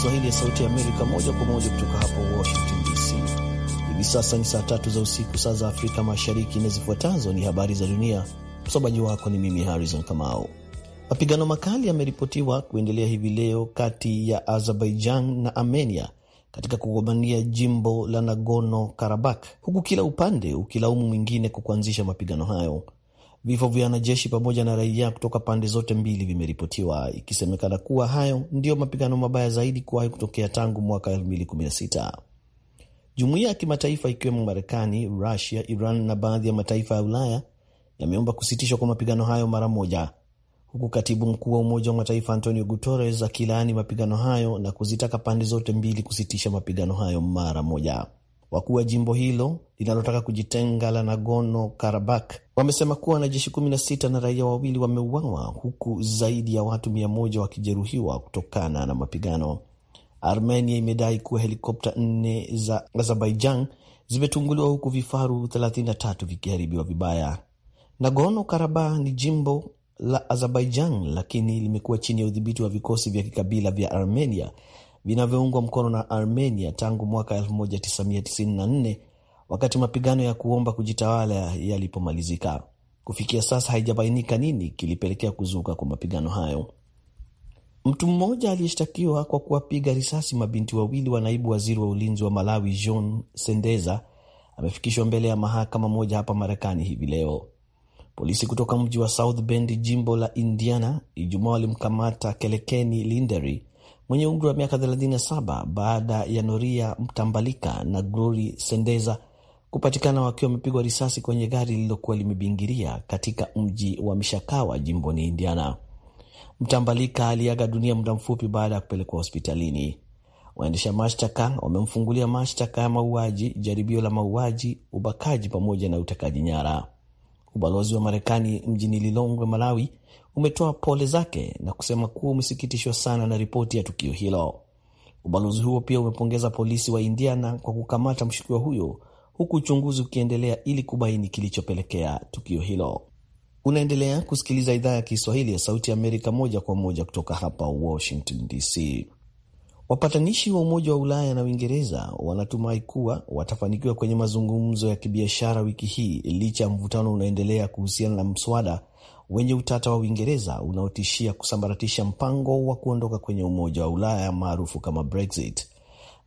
Kiswahili ya Sauti ya Amerika moja kwa moja kutoka hapo Washington DC. Hivi sasa ni saa tatu za usiku, saa za Afrika Mashariki, na zifuatazo ni habari za dunia. Msomaji wako ni mimi Harrison Kamau. Mapigano makali yameripotiwa kuendelea hivi leo kati ya Azerbaijan na Armenia katika kugombania jimbo la Nagorno Karabakh, huku kila upande ukilaumu mwingine kwa kuanzisha mapigano hayo. Vifo vya wanajeshi pamoja na raia kutoka pande zote mbili vimeripotiwa, ikisemekana kuwa hayo ndiyo mapigano mabaya zaidi kuwahi kutokea tangu mwaka 2016. Jumuiya ya kimataifa ikiwemo Marekani, Rusia, Iran na baadhi ya mataifa ya Ulaya yameomba kusitishwa kwa mapigano hayo mara moja, huku katibu mkuu wa Umoja wa Mataifa Antonio Guterres akilaani mapigano hayo na kuzitaka pande zote mbili kusitisha mapigano hayo mara moja. Wakuu wa jimbo hilo linalotaka kujitenga la Nagorno Karabakh wamesema kuwa wanajeshi 16 na raia wawili wameuawa huku zaidi ya watu 100 wakijeruhiwa kutokana na mapigano. Armenia imedai kuwa helikopta nne za Azerbaijan zimetunguliwa huku vifaru 33 vikiharibiwa vibaya. Nagorno Karabakh ni jimbo la Azerbaijan lakini limekuwa chini ya udhibiti wa vikosi vya kikabila vya Armenia vinavyoungwa mkono na Armenia tangu mwaka 1994 wakati mapigano ya kuomba kujitawala yalipomalizika. Kufikia sasa haijabainika nini kilipelekea kuzuka kwa mapigano hayo. Mtu mmoja aliyeshtakiwa kwa kuwapiga risasi mabinti wawili wa naibu waziri wa ulinzi wa Malawi John Sendeza amefikishwa mbele ya mahakama moja hapa Marekani hivi leo. Polisi kutoka mji wa South Bend, jimbo la Indiana, Ijumaa walimkamata Kelekeni Lindery mwenye umri wa miaka 37 baada ya Noria Mtambalika na Glory Sendeza kupatikana wakiwa wamepigwa risasi kwenye gari lililokuwa limebingiria katika mji wa Mishakawa jimboni Indiana. Mtambalika aliaga dunia muda mfupi baada ya kupelekwa hospitalini. Waendesha mashtaka wamemfungulia mashtaka ya mauaji, jaribio la mauaji, ubakaji pamoja na utekaji nyara. Ubalozi wa Marekani mjini Lilongwe, Malawi umetoa pole zake na kusema kuwa umesikitishwa sana na ripoti ya tukio hilo. Ubalozi huo pia umepongeza polisi wa Indiana kwa kukamata mshukiwa huyo huku uchunguzi ukiendelea ili kubaini kilichopelekea tukio hilo. Unaendelea kusikiliza idhaa ya Kiswahili ya Sauti ya Amerika moja kwa moja kutoka hapa Washington DC. Wapatanishi wa Umoja wa Ulaya na Uingereza wanatumai kuwa watafanikiwa kwenye mazungumzo ya kibiashara wiki hii licha ya mvutano unaendelea kuhusiana na mswada wenye utata wa Uingereza unaotishia kusambaratisha mpango wa kuondoka kwenye Umoja wa Ulaya maarufu kama Brexit.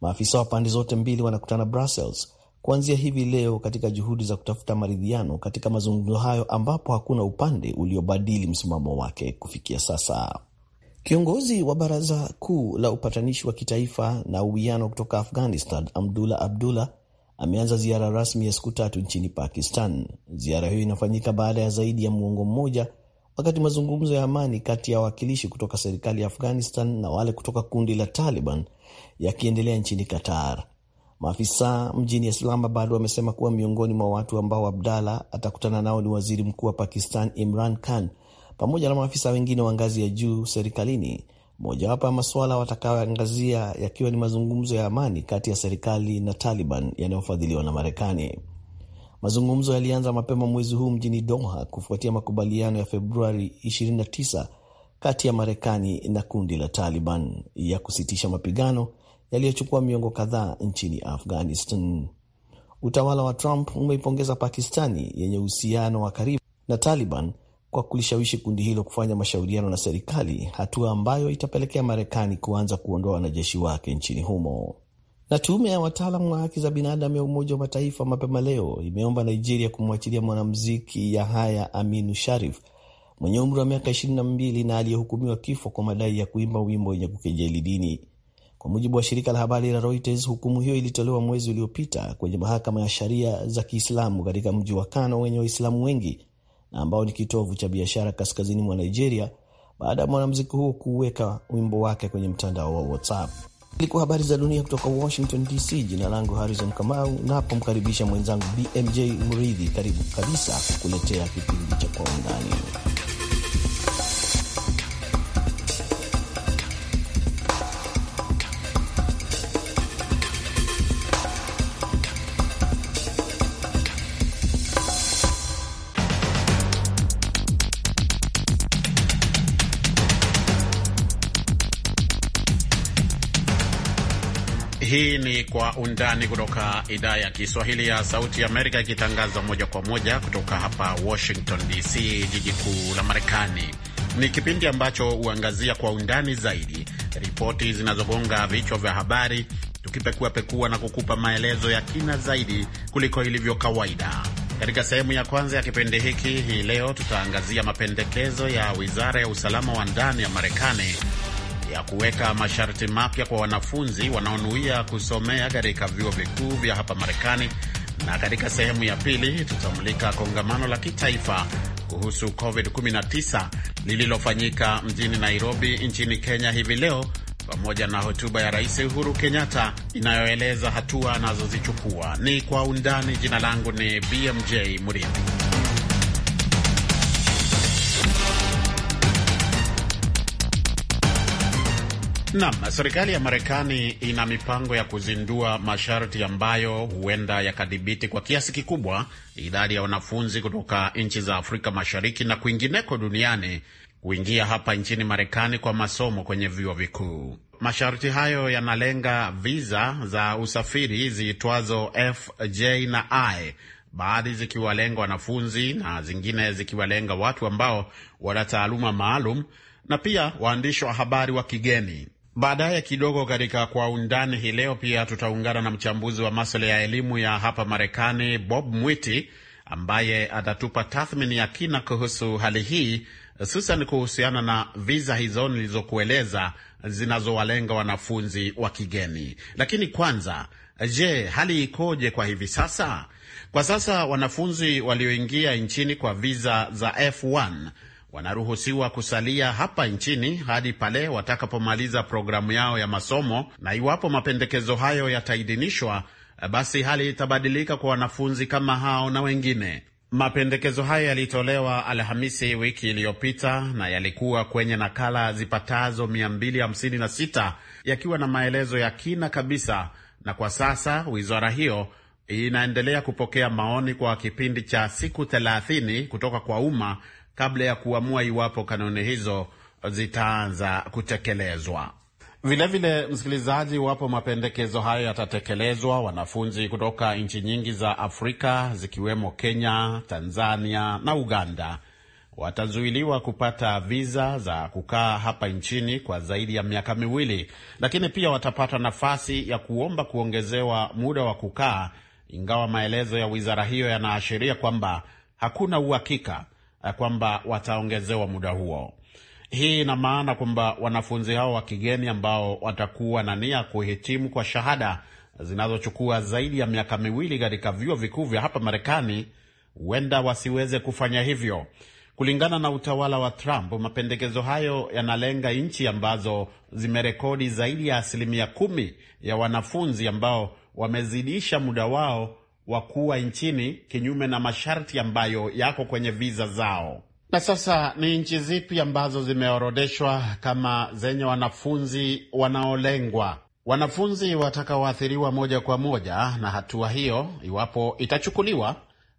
Maafisa wa pande zote mbili wanakutana Brussels kuanzia hivi leo katika juhudi za kutafuta maridhiano katika mazungumzo hayo ambapo hakuna upande uliobadili msimamo wake kufikia sasa. Kiongozi wa Baraza Kuu la Upatanishi wa Kitaifa na Uwiano kutoka Afghanistan, Abdullah Abdullah ameanza ziara rasmi ya siku tatu nchini Pakistan. Ziara hiyo inafanyika baada ya zaidi ya muongo mmoja, wakati mazungumzo ya amani kati ya wawakilishi kutoka serikali ya Afghanistan na wale kutoka kundi la Taliban yakiendelea nchini Qatar. Maafisa mjini Islamabad wamesema kuwa miongoni mwa watu ambao Abdala atakutana nao ni waziri mkuu wa Pakistan Imran Khan pamoja na maafisa wengine wa ngazi ya juu serikalini mojawapo ya masuala watakayoangazia yakiwa ni mazungumzo ya amani kati ya serikali na Taliban yanayofadhiliwa na Marekani. Mazungumzo yalianza mapema mwezi huu mjini Doha kufuatia makubaliano ya Februari 29 kati ya Marekani na kundi la Taliban ya kusitisha mapigano yaliyochukua miongo kadhaa nchini Afghanistan. Utawala wa Trump umeipongeza Pakistani yenye uhusiano wa karibu na Taliban kwa kulishawishi kundi hilo kufanya mashauriano na serikali, hatua ambayo itapelekea Marekani kuanza kuondoa wanajeshi wake nchini humo. Na tume ya wataalamu wa haki za binadamu ya Umoja wa Mataifa mapema leo imeomba Nigeria kumwachilia mwanamuziki Yahaya Aminu Sharif mwenye umri wa miaka 22 na aliyehukumiwa kifo kwa madai ya kuimba wimbo wenye kukejeli dini. Kwa mujibu wa shirika la habari la Reuters, hukumu hiyo ilitolewa mwezi uliopita kwenye mahakama ya sharia za Kiislamu katika mji wa Kano wenye Waislamu wengi na ambao ni kitovu cha biashara kaskazini mwa Nigeria baada ya mwanamuziki huo kuweka wimbo wake kwenye mtandao wa WhatsApp. Ilikuwa habari za dunia kutoka Washington DC. Jina langu Harrison Kamau, napomkaribisha mwenzangu BMJ Mridhi, karibu kabisa kukuletea kipindi cha Kwa Undani. Hii ni Kwa Undani kutoka idhaa ya Kiswahili ya Sauti ya Amerika, ikitangaza moja kwa moja kutoka hapa Washington DC, jiji kuu la Marekani. Ni kipindi ambacho huangazia kwa undani zaidi ripoti zinazogonga vichwa vya habari, tukipekuapekua na kukupa maelezo ya kina zaidi kuliko ilivyo kawaida. Katika sehemu ya kwanza ya kipindi hiki hii leo, tutaangazia mapendekezo ya wizara ya usalama wa ndani ya Marekani ya kuweka masharti mapya kwa wanafunzi wanaonuia kusomea katika vyuo vikuu vya hapa Marekani, na katika sehemu ya pili tutamulika kongamano la kitaifa kuhusu COVID-19 lililofanyika mjini Nairobi nchini Kenya hivi leo pamoja na hotuba ya Rais Uhuru Kenyatta inayoeleza hatua anazozichukua. Ni kwa undani. Jina langu ni BMJ Murithi. Nam, serikali ya Marekani ina mipango ya kuzindua masharti ambayo huenda yakadhibiti kwa kiasi kikubwa idadi ya wanafunzi kutoka nchi za Afrika Mashariki na kwingineko duniani kuingia hapa nchini Marekani kwa masomo kwenye vyuo vikuu. Masharti hayo yanalenga viza za usafiri ziitwazo FJ na I, baadhi zikiwalenga wanafunzi na zingine zikiwalenga watu ambao wana taaluma maalum na pia waandishi wa habari wa kigeni. Baadaye kidogo katika Kwa Undani hii leo pia tutaungana na mchambuzi wa masuala ya elimu ya hapa Marekani, Bob Mwiti, ambaye atatupa tathmini ya kina kuhusu hali hii, hususan kuhusiana na viza hizo nilizokueleza zinazowalenga wanafunzi wa kigeni. Lakini kwanza, je, hali ikoje kwa hivi sasa? Kwa sasa wanafunzi walioingia nchini kwa viza za F1 wanaruhusiwa kusalia hapa nchini hadi pale watakapomaliza programu yao ya masomo, na iwapo mapendekezo hayo yataidhinishwa, basi hali itabadilika kwa wanafunzi kama hao na wengine. Mapendekezo hayo yalitolewa Alhamisi wiki iliyopita na yalikuwa kwenye nakala zipatazo 256 yakiwa na maelezo ya kina kabisa, na kwa sasa wizara hiyo inaendelea kupokea maoni kwa kipindi cha siku 30 kutoka kwa umma kabla ya kuamua iwapo kanuni hizo zitaanza kutekelezwa. Vilevile msikilizaji, iwapo mapendekezo hayo yatatekelezwa, wanafunzi kutoka nchi nyingi za Afrika zikiwemo Kenya, Tanzania na Uganda watazuiliwa kupata viza za kukaa hapa nchini kwa zaidi ya miaka miwili, lakini pia watapata nafasi ya kuomba kuongezewa muda wa kukaa, ingawa maelezo ya wizara hiyo yanaashiria kwamba hakuna uhakika Eh, kwamba wataongezewa muda huo. Hii ina maana kwamba wanafunzi hao wa kigeni ambao watakuwa na nia kuhitimu kwa shahada zinazochukua zaidi ya miaka miwili katika vyuo vikuu vya hapa Marekani huenda wasiweze kufanya hivyo. Kulingana na utawala wa Trump, mapendekezo hayo yanalenga nchi ambazo zimerekodi zaidi ya asilimia kumi ya wanafunzi ambao wamezidisha muda wao wa kuwa nchini kinyume na masharti ambayo yako kwenye viza zao. Na sasa ni nchi zipi ambazo zimeorodeshwa kama zenye wanafunzi wanaolengwa? Wanafunzi watakaoathiriwa moja kwa moja na hatua hiyo, iwapo itachukuliwa,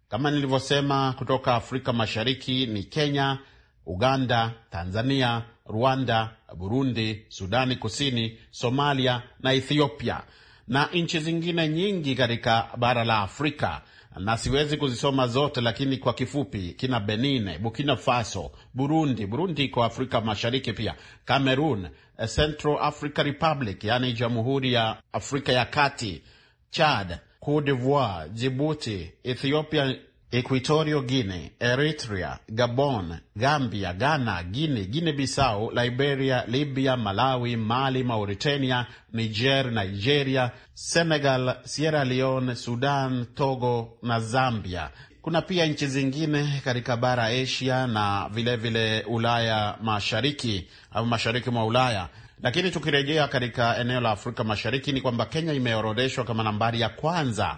kama nilivyosema, kutoka Afrika Mashariki ni Kenya, Uganda, Tanzania, Rwanda, Burundi, Sudani Kusini, Somalia na Ethiopia na nchi zingine nyingi katika bara la Afrika na siwezi kuzisoma zote, lakini kwa kifupi kina Benin, Burkina Faso, Burundi, Burundi iko Afrika Mashariki pia, Cameroon, Central Africa Republic yaani Jamhuri ya Afrika ya Kati, Chad, Cote d'Ivoire, Djibouti, Ethiopia, Equatorio guine Eritrea, Gabon, Gambia, Ghana, guine guine Bissau, Liberia, Libya, Malawi, Mali, Mauritania, Niger, Nigeria, Senegal, Sierra Leone, Sudan, Togo na Zambia. Kuna pia nchi zingine katika bara Asia na vilevile vile Ulaya mashariki au mashariki mwa Ulaya. Lakini tukirejea katika eneo la Afrika Mashariki ni kwamba Kenya imeorodeshwa kama nambari ya kwanza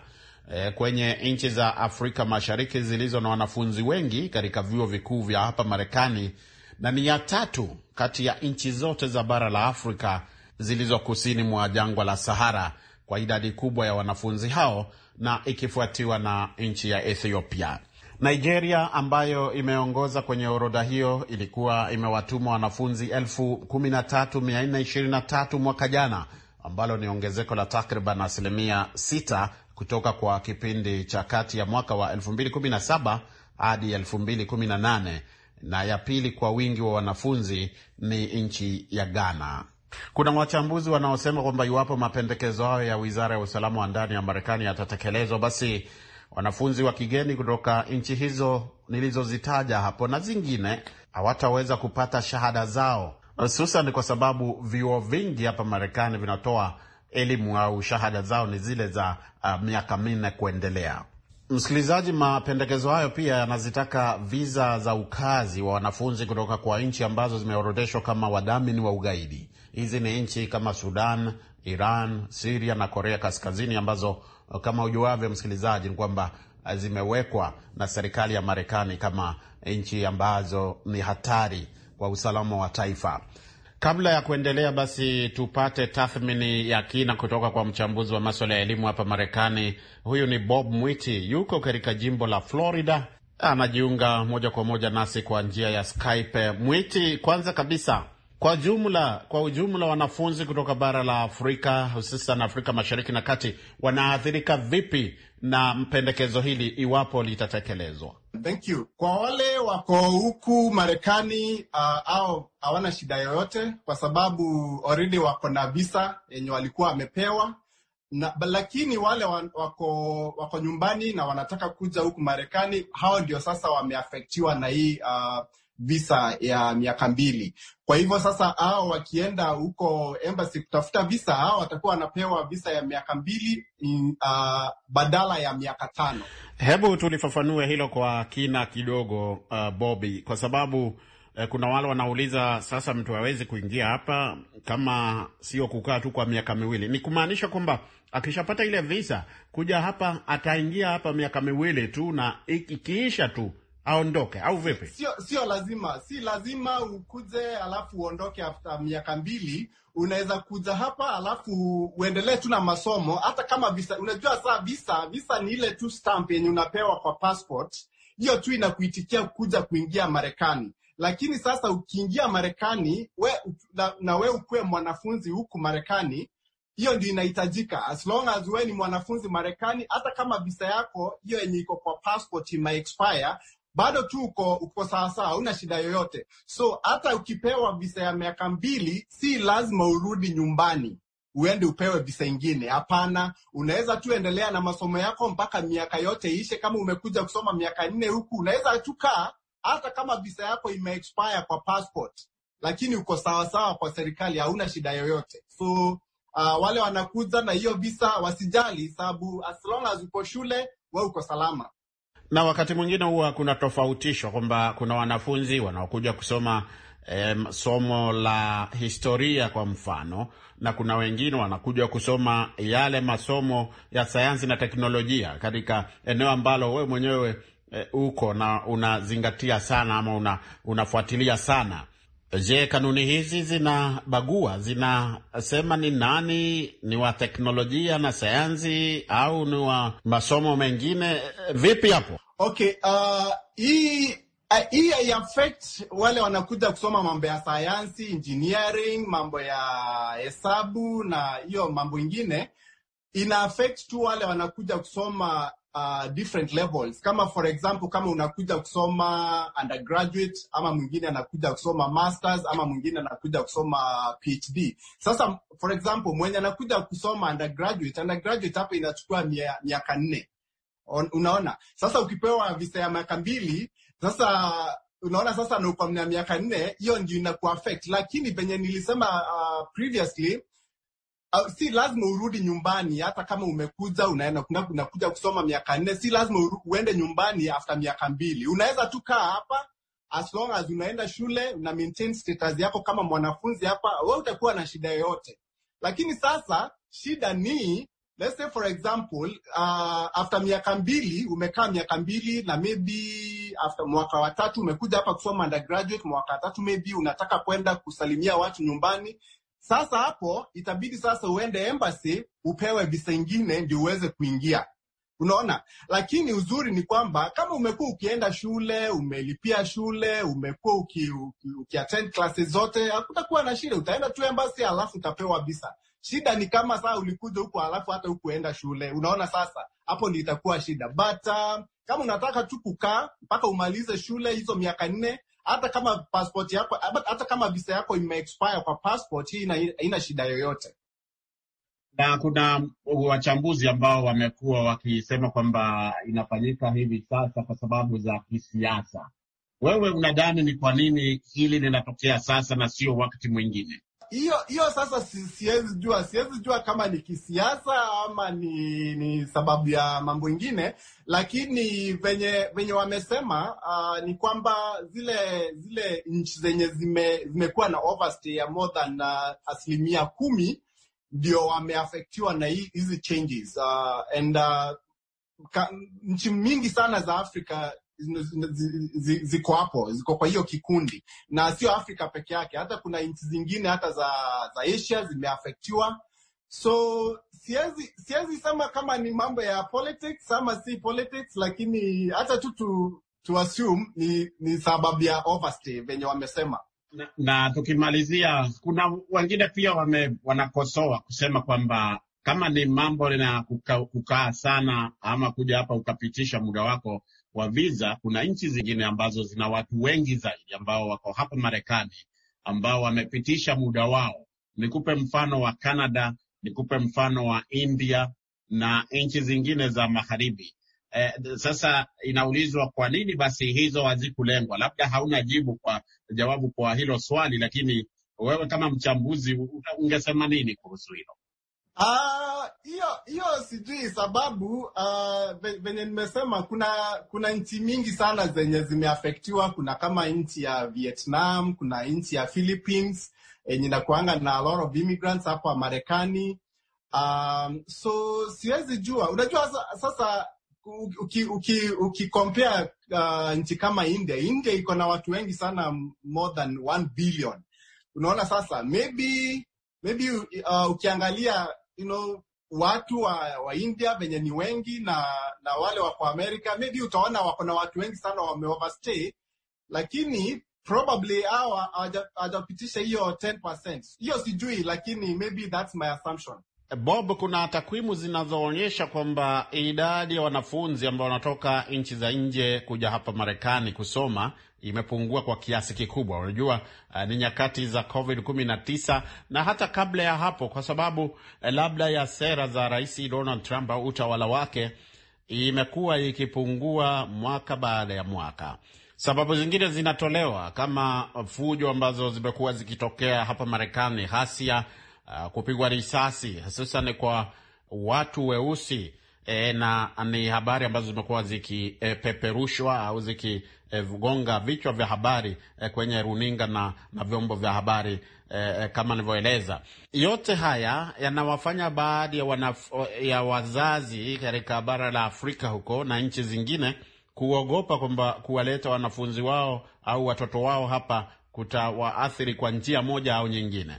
e, kwenye nchi za Afrika Mashariki zilizo na wanafunzi wengi katika vyuo vikuu vya hapa Marekani na ni ya tatu kati ya nchi zote za bara la Afrika zilizo kusini mwa jangwa la Sahara kwa idadi kubwa ya wanafunzi hao na ikifuatiwa na nchi ya Ethiopia. Nigeria ambayo imeongoza kwenye orodha hiyo ilikuwa imewatuma wanafunzi elfu mwaka jana ambalo ni ongezeko la takriban asilimia sita kutoka kwa kipindi cha kati ya mwaka wa 2017 hadi 2018 na ya pili kwa wingi wa wanafunzi ni nchi ya Ghana. Kuna wachambuzi wanaosema kwamba iwapo mapendekezo hayo ya wizara ya usalama wa ndani ya Marekani yatatekelezwa, basi wanafunzi wa kigeni kutoka nchi hizo nilizozitaja hapo na zingine hawataweza kupata shahada zao, hususan kwa sababu vyuo vingi hapa Marekani vinatoa elimu au shahada zao ni zile za uh, miaka minne kuendelea. Msikilizaji, mapendekezo hayo pia yanazitaka viza za ukazi wa wanafunzi kutoka kwa nchi ambazo zimeorodheshwa kama wadhamini wa ugaidi. Hizi ni nchi kama Sudan, Iran, Siria na Korea Kaskazini, ambazo ah, kama ujuavyo msikilizaji, ni kwamba ah, zimewekwa na serikali ya Marekani kama nchi ambazo ni hatari kwa usalama wa taifa. Kabla ya kuendelea, basi tupate tathmini ya kina kutoka kwa mchambuzi wa maswala ya elimu hapa Marekani. Huyu ni Bob Mwiti, yuko katika jimbo la Florida, anajiunga moja kwa moja nasi kwa njia ya Skype. Mwiti, kwanza kabisa kwa jumla, kwa ujumla wanafunzi kutoka bara la Afrika hususan Afrika Mashariki na Kati wanaathirika vipi na mpendekezo hili iwapo litatekelezwa? Thank you. Kwa wale wako huku Marekani uh, au hawana shida yoyote kwa sababu already wako na visa yenye walikuwa wamepewa na, lakini wale wako, wako nyumbani na wanataka kuja huku Marekani, hao ndio sasa wameafektiwa na hii uh, visa ya miaka mbili. Kwa hivyo sasa hao wakienda huko embassy kutafuta visa, hao watakuwa wanapewa visa ya miaka mbili uh, badala ya miaka tano. Hebu tulifafanue hilo kwa kina kidogo, uh, Bobby, kwa sababu eh, kuna wale wanauliza sasa, mtu hawezi kuingia hapa kama sio kukaa tu kwa miaka miwili. Ni kumaanisha kwamba akishapata ile visa kuja hapa ataingia hapa miaka miwili tu, na ikiisha tu aondoke au vipi? Sio, sio lazima, si lazima ukuje alafu uondoke after miaka mbili. Unaweza kuja hapa alafu uendelee tu na masomo, hata kama visa. Unajua saa visa, visa ni ile tu stamp yenye unapewa kwa passport, hiyo tu inakuitikia kuja kuingia Marekani. Lakini sasa ukiingia Marekani we, na, na we ukuwe mwanafunzi huku Marekani, hiyo ndio inahitajika. As long as we ni mwanafunzi Marekani, hata kama visa yako hiyo yenye iko kwa passport ima expire, bado tuko uko sawasawa, una shida yoyote. So hata ukipewa visa ya miaka mbili, si lazima urudi nyumbani uende upewe visa ingine. Hapana, unaweza tu endelea na masomo yako mpaka miaka yote ishe. Kama umekuja kusoma miaka nne huku, unaweza tu kaa, hata kama visa yako imeexpire kwa passport, lakini uko sawasawa kwa serikali, hauna shida yoyote. So uh, wale wanakuja na hiyo visa wasijali, sababu as long as uko shule, we uko salama na wakati mwingine huwa kuna tofautisho kwamba kuna wanafunzi wanaokuja kusoma em, somo la historia kwa mfano, na kuna wengine wanakuja kusoma yale masomo ya sayansi na teknolojia katika eneo ambalo wewe mwenyewe e, uko na unazingatia sana ama una, unafuatilia sana Je, kanuni hizi zinabagua, zinasema ni nani ni wa teknolojia na sayansi au ni wa masomo mengine? Vipi hapo? Okay, uh, hii uh, hii affect wale wanakuja kusoma mambo ya sayansi, engineering, mambo ya hesabu na hiyo mambo ingine. Ina affect tu wale wanakuja kusoma uh, different levels. Kama for example, kama unakuja kusoma undergraduate ama mwingine anakuja kusoma masters ama mwingine anakuja kusoma PhD. Sasa for example, mwenye anakuja kusoma undergraduate, undergraduate hapa inachukua miaka nne. Unaona, sasa ukipewa visa ya miaka mbili, sasa unaona sasa na uko na miaka nne, hiyo ndio inakuaffect. Lakini penye nilisema uh, previously si lazima urudi nyumbani, hata kama umekuja unaenda unakuja kusoma miaka nne, si lazima uende nyumbani after miaka mbili. Unaweza tu kaa hapa as long as unaenda shule na maintain status yako kama mwanafunzi hapa, wewe utakuwa na shida yoyote. Lakini sasa shida ni let's say for example uh, after miaka mbili umekaa miaka mbili na maybe after mwaka wa tatu umekuja hapa kusoma undergraduate, mwaka wa tatu maybe unataka kwenda kusalimia watu nyumbani, sasa hapo itabidi sasa uende embassy upewe visa ingine ndio uweze kuingia. Unaona, lakini uzuri ni kwamba kama umekuwa ukienda shule, umelipia shule, umekuwa uki, uki, uki attend classes zote, hakutakuwa na shida. Utaenda tu embassy alafu utapewa visa. Shida ni kama saa ulikuja huko alafu hata hukuenda shule. Unaona, sasa hapo ndio itakuwa shida. But uh, kama unataka tu kukaa mpaka umalize shule hizo miaka nne, hata kama passport yako, hata kama visa yako imeexpire kwa passport, hii haina shida yoyote. Na kuna wachambuzi ambao wamekuwa wakisema kwamba inafanyika hivi sasa kwa sababu za kisiasa. Wewe unadhani ni kwa nini hili linatokea sasa na sio wakati mwingine? hiyo hiyo sasa siwezi jua, siwezi jua kama ni kisiasa ama ni, ni sababu ya mambo ingine, lakini venye venye wamesema uh, ni kwamba zile zile nchi zenye zime, zimekuwa na overstay ya more than uh, asilimia kumi ndio wameafektiwa na hizi changes uh, and uh, ka, nchi mingi sana za Afrika ziko hapo, ziko kwa hiyo kikundi, na sio Afrika peke yake, hata kuna nchi zingine hata za, za Asia zimeafektiwa. So siwezi siwezi sema kama ni mambo ya politics ama si politics, lakini hata tu tu, assume ni, ni sababu ya overstay venye wamesema na, na tukimalizia, kuna wengine pia wame, wanakosoa kusema kwamba kama ni mambo lina kukaa kuka sana ama kuja hapa ukapitisha muda wako wa visa, kuna nchi zingine ambazo zina watu wengi zaidi ambao wako hapa Marekani ambao wamepitisha muda wao. Nikupe mfano wa Canada, nikupe mfano wa India na nchi zingine za magharibi. Eh, sasa inaulizwa kwa nini basi hizo hazikulengwa? Labda hauna jibu kwa jawabu kwa hilo swali, lakini wewe kama mchambuzi ungesema nini kuhusu hilo? Ah, hiyo uh, hiyo sijui sababu uh, venye nimesema kuna kuna nchi mingi sana zenye zimeafektiwa. Kuna kama nchi ya Vietnam, kuna nchi ya Philippines yenye nakuanga na a lot of immigrants hapa Marekani. Um, so siwezi jua, unajua sasa ukikompea uki, uki uh, nchi kama India, India iko na watu wengi sana more than 1 billion. Unaona sasa maybe maybe uh, ukiangalia you know, watu wa, wa India venye ni wengi na na wale wako America, maybe utaona wako na watu wengi sana wame overstay, lakini probably hawa hawajapitisha hiyo 10%. Hiyo sijui, lakini maybe that's my assumption. Bob, kuna takwimu zinazoonyesha kwamba idadi ya wanafunzi ambao wanatoka nchi za nje kuja hapa Marekani kusoma imepungua kwa kiasi kikubwa. Unajua uh, ni nyakati za COVID 19 na hata kabla ya hapo, kwa sababu uh, labda ya sera za Rais Donald Trump au utawala wake, imekuwa ikipungua mwaka baada ya mwaka. Sababu zingine zinatolewa kama fujo ambazo zimekuwa zikitokea hapa Marekani, hasia uh, kupigwa risasi hususan kwa watu weusi e, na ni habari ambazo zimekuwa zikipeperushwa eh, au zikigonga eh, vichwa vya habari e, kwenye runinga na, na vyombo vya habari e, kama nilivyoeleza. Yote haya yanawafanya baadhi ya, ya wazazi katika bara la Afrika huko na nchi zingine kuogopa kwamba kuwaleta wanafunzi wao au watoto wao hapa kutawaathiri kwa njia moja au nyingine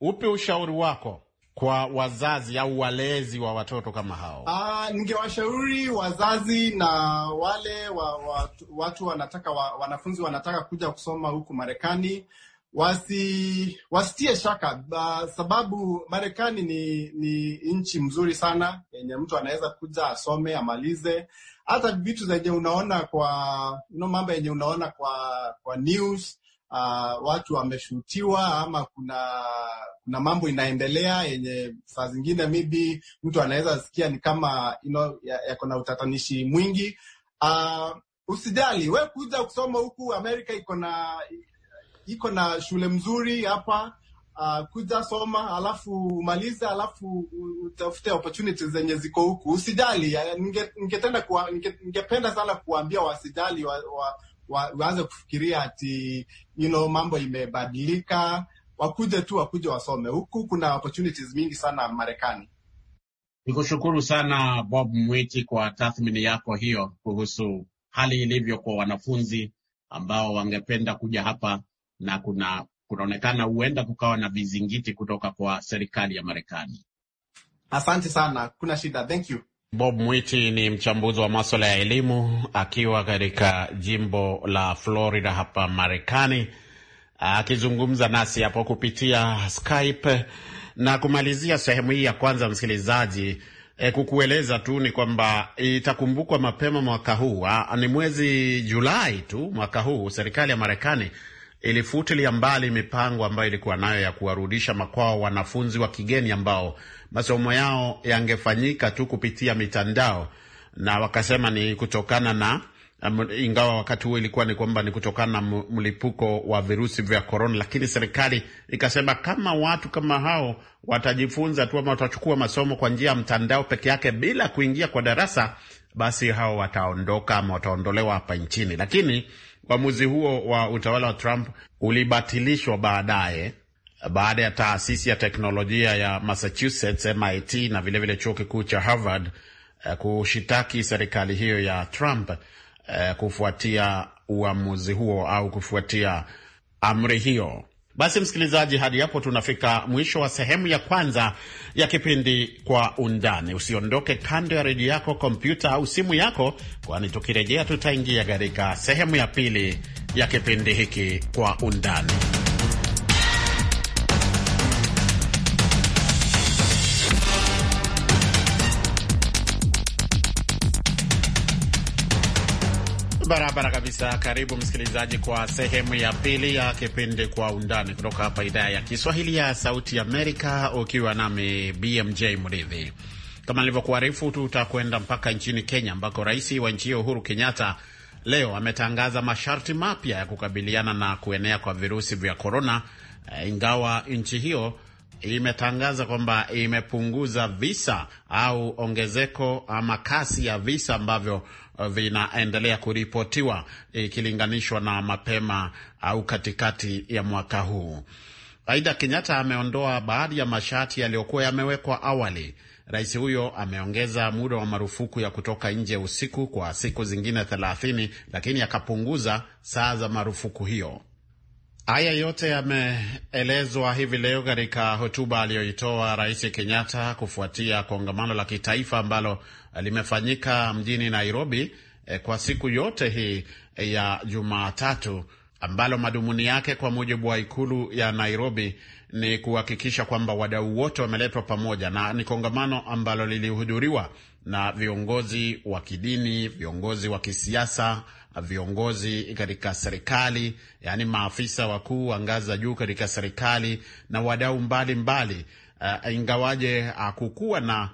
upe ushauri wako kwa wazazi au walezi wa watoto kama hao? Ah, ningewashauri wazazi na wale wa, wa, watu wanataka wa, wanafunzi wanataka kuja kusoma huku Marekani wasi wasitie shaka ba, sababu Marekani ni, ni nchi mzuri sana yenye mtu anaweza kuja asome amalize. Hata vitu zenye unaona kwa no mambo yenye unaona kwa kwa news uh, watu wameshutiwa ama kuna kuna mambo inaendelea yenye saa zingine maybe mtu anaweza sikia ni kama you know, yako na utatanishi mwingi uh, usijali we kuja kusoma huku Amerika iko na iko na shule mzuri hapa uh, kuja soma alafu umalize alafu utafute opportunities zenye ziko huku usijali. ninge ningependa sana kuwaambia wasijali wa, wa, waanze kufikiria ati you know, mambo imebadilika. Wakuje tu wakuje wasome huku, kuna opportunities mingi sana Marekani. Nikushukuru sana Bob Mwiti kwa tathmini yako hiyo kuhusu hali ilivyo kwa wanafunzi ambao wangependa kuja hapa na kuna kunaonekana huenda kukawa na vizingiti kutoka kwa serikali ya Marekani. Asante sana, kuna shida. Thank you. Bob Mwiti ni mchambuzi wa maswala ya elimu akiwa katika jimbo la Florida hapa Marekani, akizungumza nasi hapo kupitia Skype. Na kumalizia sehemu hii ya kwanza, msikilizaji, e, kukueleza tu ni kwamba itakumbukwa mapema mwaka huu, ni mwezi Julai tu mwaka huu, serikali ya Marekani ilifutilia mbali mipango ambayo ilikuwa nayo ya kuwarudisha makwao wanafunzi wa kigeni ambao masomo yao yangefanyika tu kupitia mitandao, na wakasema ni kutokana na um, ingawa wakati huo ilikuwa ni kwamba ni kutokana na mlipuko wa virusi vya korona, lakini serikali ikasema kama watu kama hao watajifunza tu ama watachukua masomo kwa njia ya mtandao peke yake bila kuingia kwa darasa, basi hao wataondoka ama wataondolewa hapa nchini. Lakini uamuzi huo wa utawala wa Trump ulibatilishwa baadaye baada ya taasisi ya teknolojia ya Massachusetts MIT na vilevile chuo kikuu cha Harvard eh, kushitaki serikali hiyo ya Trump eh, kufuatia uamuzi huo au kufuatia amri hiyo. Basi msikilizaji, hadi hapo tunafika mwisho wa sehemu ya kwanza ya kipindi Kwa Undani. Usiondoke kando ya redio yako, kompyuta au simu yako, kwani tukirejea tutaingia katika sehemu ya pili ya kipindi hiki Kwa Undani. Barabara kabisa. Karibu msikilizaji, kwa sehemu ya pili ya kipindi Kwa Undani kutoka hapa idhaa ya Kiswahili ya Sauti Amerika, ukiwa nami BMJ Mridhi. Kama nilivyokuarifu, tutakwenda mpaka nchini Kenya ambako rais wa nchi hiyo Uhuru Kenyatta leo ametangaza masharti mapya ya kukabiliana na kuenea kwa virusi vya korona, eh, ingawa nchi hiyo imetangaza kwamba imepunguza visa au ongezeko ama kasi ya visa ambavyo vinaendelea kuripotiwa ikilinganishwa na mapema au katikati ya mwaka huu. Aidha, Kenyatta ameondoa baadhi ya masharti yaliyokuwa yamewekwa awali. Rais huyo ameongeza muda wa marufuku ya kutoka nje usiku kwa siku zingine thelathini, lakini akapunguza saa za marufuku hiyo. Haya yote yameelezwa hivi leo katika hotuba aliyoitoa Rais Kenyatta kufuatia kongamano la kitaifa ambalo limefanyika mjini Nairobi eh, kwa siku yote hii ya Jumatatu ambalo madhumuni yake kwa mujibu wa ikulu ya Nairobi ni kuhakikisha kwamba wadau wote wameletwa pamoja, na ni kongamano ambalo lilihudhuriwa na viongozi wa kidini, viongozi wa kisiasa viongozi katika serikali, yaani maafisa wakuu wa ngazi za juu katika serikali na wadau mbalimbali, uh, ingawaje hakukuwa uh, na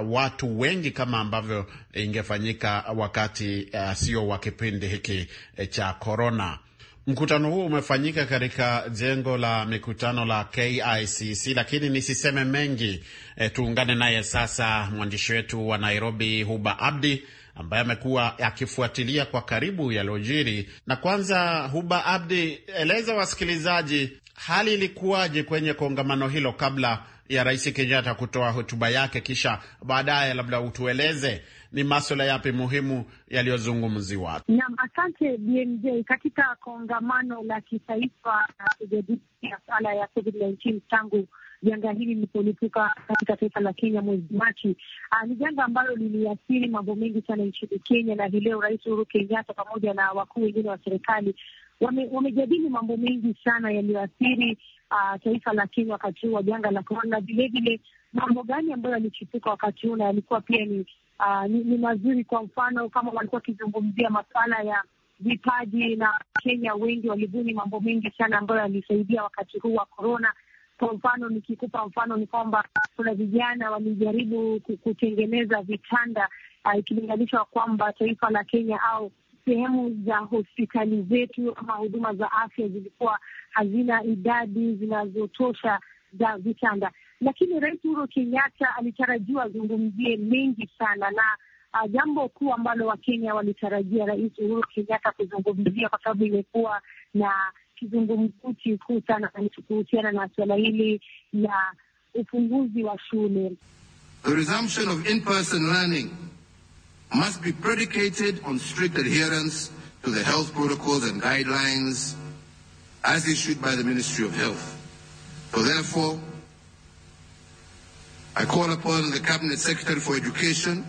Uh, watu wengi kama ambavyo ingefanyika wakati uh, sio wa kipindi hiki eh, cha korona. Mkutano huu umefanyika katika jengo la mikutano la KICC, lakini nisiseme mengi eh, tuungane naye sasa mwandishi wetu wa Nairobi Huba Abdi ambaye amekuwa akifuatilia kwa karibu yaliyojiri. Na kwanza, Huba Abdi, eleza wasikilizaji hali ilikuwaje kwenye kongamano hilo kabla ya Rais Kenyatta kutoa hotuba yake, kisha baadaye labda utueleze ni maswala yapi muhimu yaliyozungumziwa? Naam, asante BMJ. Katika kongamano la kitaifa la kujadili masala ya COVID-19 tangu janga hili lilipolipuka katika taifa la Kenya mwezi Machi. Ah, ni janga ambalo liliathiri mambo mengi sana nchini Kenya, na hii leo Rais Uhuru Kenyatta pamoja na wakuu wengine wa serikali wamejadili wame mambo mengi sana yaliyoathiri uh, taifa la Kenya wakati huu wa janga la korona, na vilevile mambo gani ambayo yalichipuka wakati huu na yalikuwa pia ni, uh, ni, ni mazuri. Kwa mfano kama walikuwa wakizungumzia masuala ya vipaji na kenya wengi walibuni mambo mengi sana ambayo yalisaidia wakati huu wa korona, kwa mfano nikikupa mfano ni kwamba kuna vijana walijaribu kutengeneza vitanda uh, ikilinganishwa kwamba taifa la Kenya au sehemu za hospitali zetu ama huduma za afya zilikuwa hazina idadi zinazotosha za vitanda, lakini Rais Uhuru Kenyatta alitarajiwa azungumzie mengi sana na uh, jambo kuu ambalo Wakenya walitarajia Rais Uhuru Kenyatta kuzungumzia kwa sababu imekuwa na kizungumkuti kuhusiana na suala hili la ufunguzi wa shule. The resumption of in-person learning must be predicated on strict adherence to the health protocols and guidelines as issued by the Ministry of Health. So therefore, I call upon the Cabinet Secretary for Education,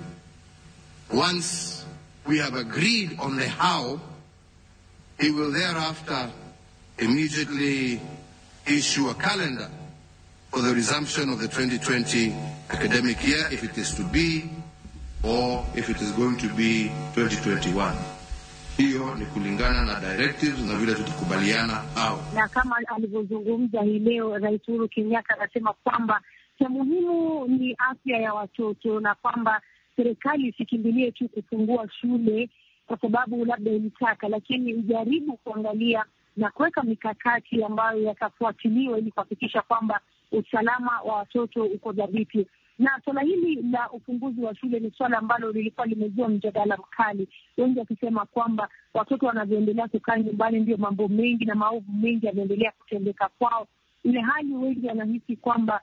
once we have agreed on the how, he will thereafter immediately issue a calendar for the resumption of the 2020 academic year, if it is to be or if it is going to be 2021. Hiyo ni kulingana na directives na vile tutakubaliana au. Na kama alivyozungumza hii leo Rais Uhuru Kenyatta anasema kwamba cha muhimu ni afya ya watoto na kwamba serikali isikimbilie tu kufungua shule kwa sababu labda ilitaka, lakini ujaribu kuangalia na kuweka mikakati ambayo yatafuatiliwa ili kuhakikisha kwamba usalama wa watoto uko dhabiti. Na suala hili la ufunguzi wa shule ni suala ambalo lilikuwa limezua mjadala mkali, wengi wakisema kwamba watoto wanavyoendelea kukaa nyumbani ndio mambo mengi na maovu mengi yanaendelea kutendeka kwao, ile hali wengi wanahisi kwamba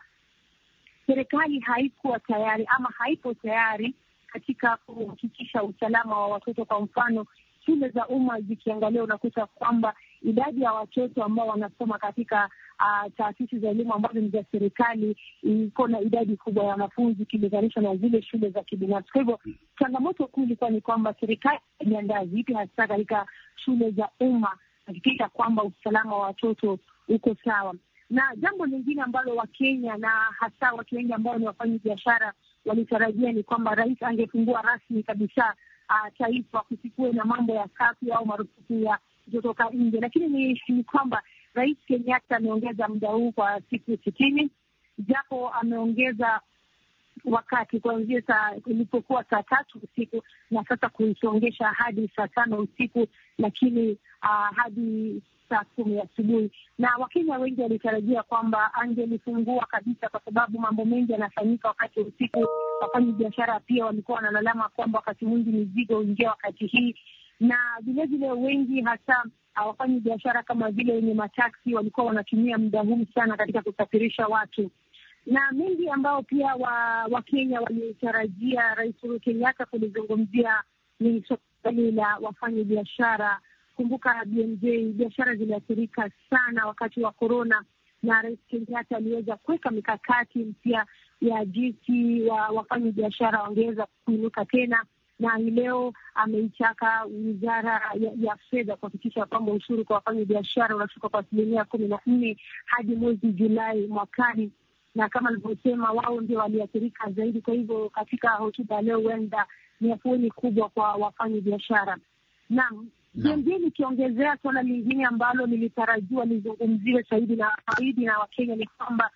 serikali haikuwa tayari ama haipo tayari katika kuhakikisha usalama wa watoto. Kwa mfano, shule za umma zikiangalia, unakuta kwamba idadi ya watoto ambao wanasoma katika uh, taasisi za elimu ambazo ni za serikali iko na idadi kubwa ya wanafunzi ikilinganishwa na zile shule za kibinafsi. Kwa hivyo changamoto kuu ilikuwa ni kwamba serikali imeandaa vipi hasa katika shule za umma hakikisha kwamba usalama wa watoto uko sawa. Na jambo lingine ambalo Wakenya na hasa watu wengi ambao ni wafanyi biashara walitarajia ni kwamba rais angefungua rasmi kabisa uh, taifa, kusikuwe na mambo ya kafi au marufuku ya kutoka nje, lakini ni, ni kwamba Rais Kenyatta ameongeza muda huu kwa siku sitini, japo ameongeza wakati kuanzia saa ilipokuwa saa tatu usiku na sasa kuisongesha hadi saa tano usiku, lakini uh, hadi saa kumi asubuhi. Na Wakenya wengi walitarajia kwamba angelifungua kabisa, kwa sababu mambo mengi yanafanyika wakati wa usiku. Wafanyi biashara pia walikuwa wanalalama kwamba wakati mwingi mizigo huingia wakati hii na vilevile wengi hasa hawafanyi biashara kama vile wenye mataksi walikuwa wanatumia muda huu sana katika kusafirisha watu, na mengi ambao pia Wakenya wa walitarajia Rais Uhuru Kenyatta kulizungumzia ni swali la wafanyi biashara. Kumbuka BMJ, biashara ziliathirika sana wakati wa korona, na Rais Kenyatta aliweza kuweka mikakati mpya ya jinsi wa wafanyi biashara wangeweza kuinuka tena na leo ameitaka wizara ya, ya fedha kuhakikisha kwamba ushuru kwa wafanya biashara unashuka kwa asilimia kumi na nne hadi mwezi Julai mwakani, na kama alivyosema wao ndio waliathirika zaidi. Kwa hivyo katika hotuba leo huenda ni afueni kubwa kwa wafanya biashara. Naam, BMJ nikiongezea suala lingine ambalo lilitarajiwa lizungumziwe zaidi na zaidi na Wakenya ni kwamba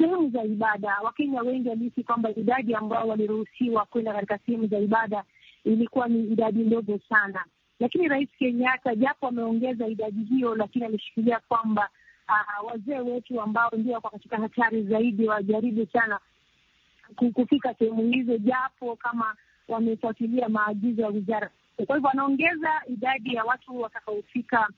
sehemu za ibada. Wakenya wengi walihisi kwamba idadi ambao waliruhusiwa kwenda katika sehemu za ibada ilikuwa ni idadi ndogo sana, lakini Rais Kenyatta japo ameongeza idadi hiyo, lakini ameshikilia kwamba uh, wazee wetu ambao ndio wako katika hatari zaidi wajaribu sana kufika sehemu hizo, japo kama wamefuatilia maagizo ya wizara. Kwa hivyo wanaongeza idadi ya watu watakaofika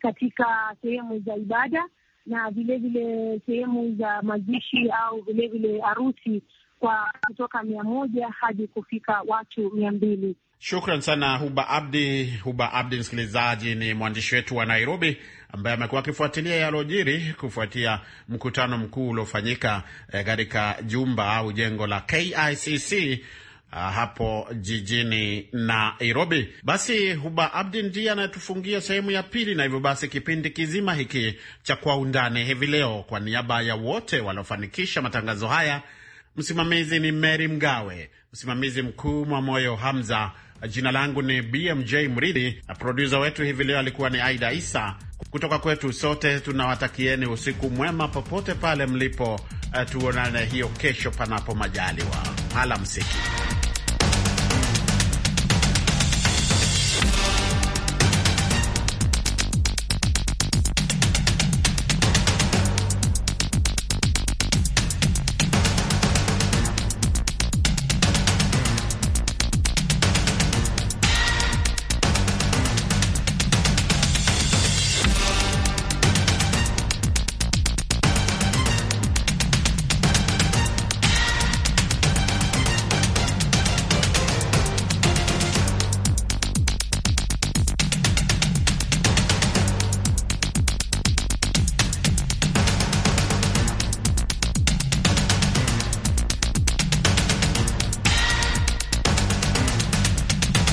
katika sehemu za ibada na vilevile sehemu za mazishi au vilevile harusi kwa kutoka mia moja hadi kufika watu mia mbili. Shukran sana Huba Abdi. Huba Abdi, msikilizaji, ni mwandishi wetu wa Nairobi ambaye amekuwa akifuatilia yalojiri kufuatia mkutano mkuu uliofanyika eh, katika eh, jumba au jengo la KICC Ah, hapo jijini Nairobi. Basi Huba Abdi ndiye anayetufungia sehemu ya pili, na hivyo basi kipindi kizima hiki cha Kwa Undani hivi leo, kwa niaba ya wote waliofanikisha matangazo haya, msimamizi ni Mary Mgawe, msimamizi mkuu moyo Hamza, jina langu ni BMJ Mridhi, na produsa wetu hivi leo alikuwa ni Aida Isa. Kutoka kwetu sote tunawatakieni usiku mwema popote pale mlipo. Eh, tuonane hiyo kesho, panapo majaliwa. Alamsiki.